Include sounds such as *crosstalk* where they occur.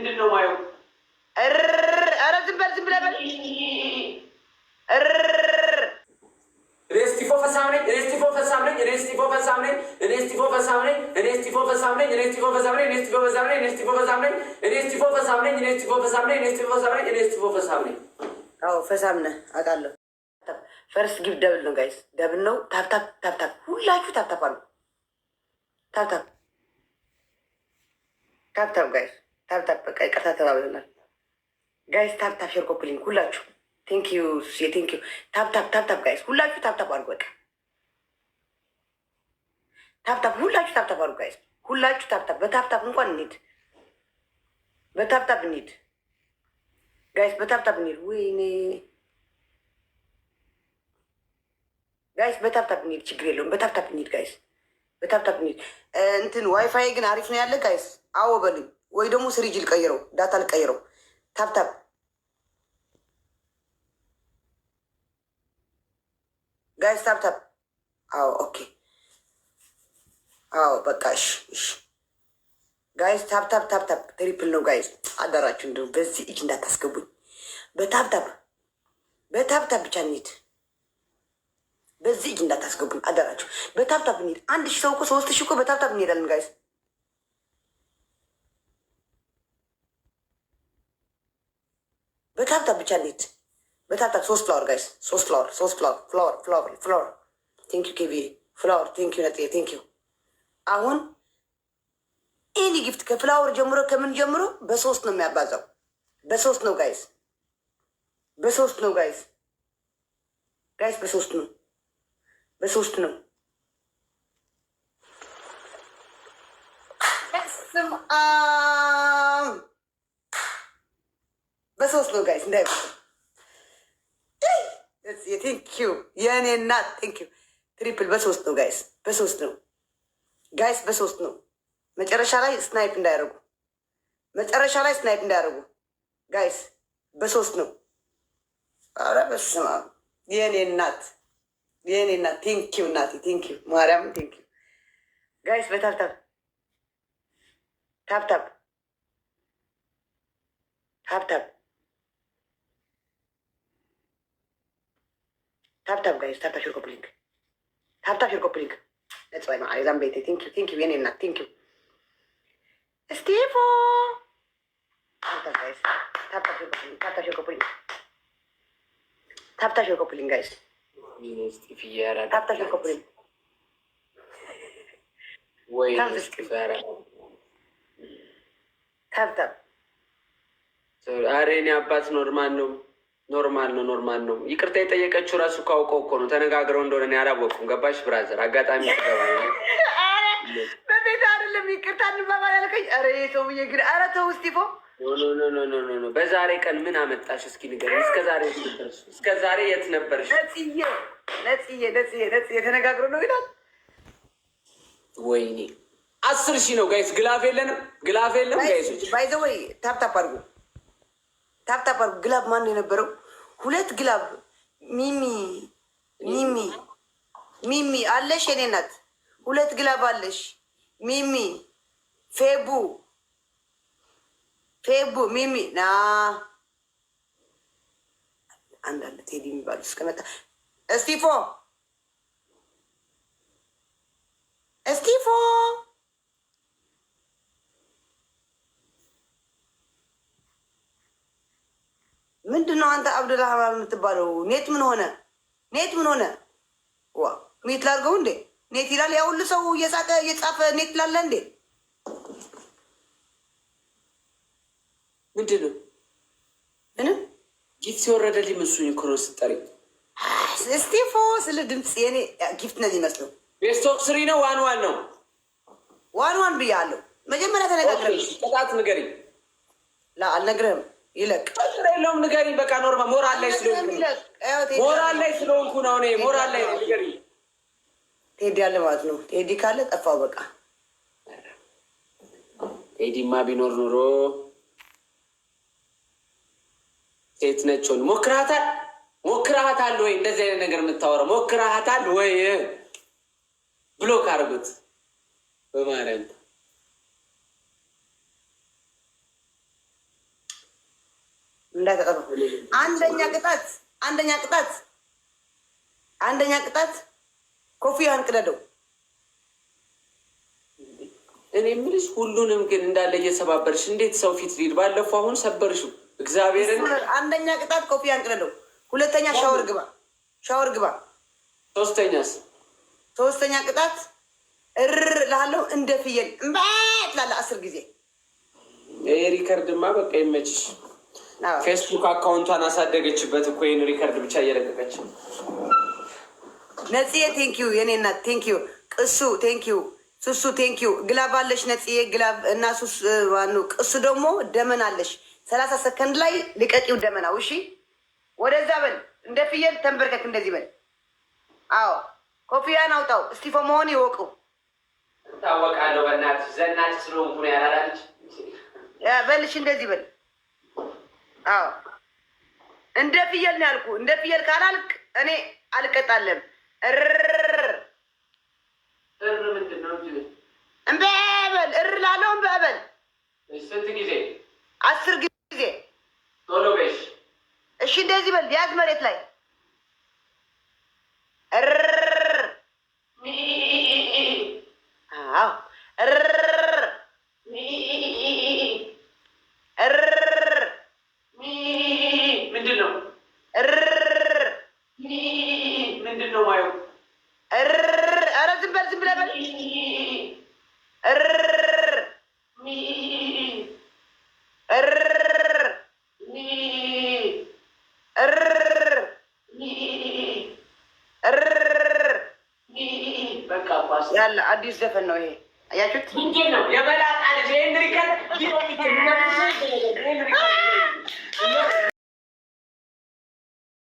ምንድን ነው ማየው? ኧረ ዝም በል ዝም ብለህ በል። ፈርስት ጊቭ ደብል ነው ጋይስ፣ ደብል ነው። ታፕታፕ ታፕታፕ፣ ሁላችሁ ታፕታፕ አሉ። ታፕታፕ ታፕታፕ ጋይስ ታብታብ በቃ ይቅርታ ተባብለናል። ጋይስ ታብታብ ሼር ኮፕሊንግ ሁላችሁ ቴንኪዩ ቴንኪዩ። ታብታብ ታብታብ ጋይስ ሁላችሁ ታብታብ አድርጉ። በቃ ታብታብ ሁላችሁ ታብታብ አድርጉ ጋይስ ሁላችሁ ታብታብ። በታብታብ እንኳን እንሂድ፣ በታብታብ እንሂድ ጋይስ፣ በታብታብ እንሂድ። ወይኔ ጋይስ በታብታብ እንሂድ፣ ችግር የለውም። በታብታብ እንሂድ ጋይስ፣ በታብታብ እንሂድ። እንትን ዋይፋይ ግን አሪፍ ነው ያለ ጋይስ። አዎ በሉኝ ወይ ደግሞ ስሪጅ ልቀይረው፣ ዳታ ልቀይረው። ታብታብ ጋይስ፣ ታብታብ። አዎ፣ ኦኬ፣ አዎ፣ በቃ እሺ፣ እሺ ጋይስ፣ ታብታብ፣ ታብታብ። ትሪፕል ነው ጋይስ፣ አዳራችሁ እንደ በዚህ እጅ እንዳታስገቡኝ። በታብታብ በታብታብ ብቻ እንሂድ። በዚህ እጅ እንዳታስገቡኝ አዳራችሁ። በታብታብ እንሂድ። አንድ ሺህ ሰው እኮ ሶስት ሺህ እኮ በታብታብ እንሄዳለን ጋይስ ቻሊት በታታ ሶስት ፍላወር ጋይስ ሶስት ፍላወር ሶስት ፍላወር ፍላወር ፍላወር ፍላወር ቴንክ ዩ ኬቢ ፍላወር ቴንክ ዩ ነጥ ቴንክ ዩ አሁን ኤኒ ጊፍት ከፍላወር ጀምሮ ከምን ጀምሮ በሶስት ነው የሚያባዛው። በሶስት ነው ጋይስ፣ በሶስት ነው ጋይስ፣ ጋይስ በሶስት ነው፣ በሶስት ነው። ስም በሶስት ነው ጋይስ እንዳይ ቴንኪዩ የእኔ እናት ቴንኪዩ። ትሪፕል በሶስት ነው ጋይስ፣ በሶስት ነው ጋይስ፣ በሶስት ነው። መጨረሻ ላይ ስናይፕ እንዳያደርጉ፣ መጨረሻ ላይ ስናይፕ እንዳያደርጉ ጋይስ፣ በሶስት ነው። ኧረ በስመ የእኔ እናት የእኔ እናት ቴንኪዩ፣ እናቴ ቴንኪዩ፣ ማርያምን ቴንኪዩ ጋይስ። በታፕታፕ ታፕታፕ ታፕታፕ ታፕ ታፕ ጋይስ ታፕ ታፕ ዩር ኮፕሊንግ ታፕ ታፕ ዩር ዛም ቤቴ ቲንክ ዩ ቲንክ ዩ የኔ እናት ቲንክ ዩ ስቴፎ ታፕ ታፕ ጋይስ ጋይስ ታፕ ታፕ ዩር አሬኔ አባት ኖርማል ነው ኖርማል ነው ኖርማል ነው። ይቅርታ የጠየቀችው ራሱ እኮ እኮ ነው ተነጋግረው እንደሆነ እኔ አላወቅኩም። ገባሽ ብራዘር አጋጣሚ *laughs* በቤት አይደለም ይቅርታ እንባባ ያልከኝ ኧረ ተው ብዬ ግን ኧረ ተው እስጢፎ በዛሬ ቀን ምን አመጣሽ እስኪ ንገር እስከዛሬ እስከዛሬ የት ነበርሽ? ነጽዬ ነጽዬ ነጽዬ ነጽዬ ተነጋግሮ ነው ይላል። ወይኔ አስር ሺህ ነው ጋይስ። ግላፍ የለንም ግላፍ የለም ጋይሶች። ባይዘ ወይ ታፕታፕ አድርጉ ታፕታፕ አድርጉ ግላፍ ማን ነው የነበረው ሁለት ግላብ ሚሚ ሚሚ ሚሚ አለሽ የኔ ናት። ሁለት ግላብ አለሽ ሚሚ ፌቡ ፌቡ ሚሚ ና አንዳንድ ቴዲ የሚባሉ እስከመጣ እስቲፎ ምንድን ነው አንተ አብዱልሀማም የምትባለው? ኔት ምን ሆነ? ኔት ምን ሆነ? ዋ ኔት ላርገው እንዴ? ኔት ይላል ያ ሁሉ ሰው እየሳቀ እየጻፈ ኔት ላለ እንዴ? ምንድን ነው ምንም ጊፍት ሲወረደ ሊመስሉኝ እኮ ነው ስጠሪ ስቴፎ ስለ ድምፅ የኔ ጊፍት ነው የሚመስለው። ቤስቶክ ስሪ ነው ዋን ዋን ነው ዋን ዋን ብያለሁ። መጀመሪያ ተነጋግረ ቅጣት ንገሪኝ። አልነግርህም ይለቅ ችግር የለውም። ንገሪኝ በቃ ኖርማ ሞራል ላይ ስለሆንኩ ሞራል ላይ ስለሆንኩ ነው። እኔ ሞራል ላይ ቴዲ አለ ማለት ነው። ቴዲ ካለ ጠፋው በቃ። ቴዲማ ቢኖር ኖሮ ሴት ነች ሆን ሞክራታል ሞክራሃታል ወይ እንደዚህ አይነት ነገር የምታወራው ሞክራሃታል ወይ ብሎክ አድርጉት በማርያም እንዳይተቀሩ አንደኛ ቅጣት አንደኛ ቅጣት አንደኛ ቅጣት ኮፍያን ቅደደው። እኔ የምልሽ ሁሉንም ግን እንዳለ እየሰባበርሽ እንዴት ሰው ፊት ሊድ ባለፈው አሁን ሰበርሽው። እግዚአብሔርን አንደኛ ቅጣት ቅደደው። ሁለተኛ ሻወር ግባ፣ ሻወር ግባ። ሶስተኛስ ሶስተኛ ቅጣት እርር ላለው እንደ ፍየል እምባ ትላለህ አስር ጊዜ በቃ ይመችሽ። ፌስቡክ አካውንቷን አሳደገችበት እኮ ይህን ሪከርድ ብቻ እየለቀቀች ነጽዬ ቴንኪዩ የኔ እናት ቴንኪዩ ቅሱ ቴንኪዩ ሱሱ ቴንኪዩ ግላብ አለሽ ነጽዬ ግላብ እና ሱስ ዋኑ ቅሱ ደግሞ ደመና አለሽ ሰላሳ ሰከንድ ላይ ልቀቂው ደመና ውሺ ወደዛ በል እንደ ፍየል ተንበርከክ እንደዚህ በል አዎ ኮፊያን አውጣው እስቲፎ መሆን ይወቁ ታወቃለሁ በእናትሽ ዘናች ስለሆንኩ ነው በልሽ እንደዚህ በል እንደ ፍየል ነው ያልኩ። እንደ ፍየል ካላልክ እኔ አልቀጣለም። እምበበል እር ላለው እምበበል ስንት ጊዜ? አስር ጊዜ። እሺ እንደዚህ በል ያዝ መሬት ላይ አዎ ያለ አዲስ ዘፈን ነው ይሄ። አያችሁት? የበላጣ ልጅ ሄንሪከት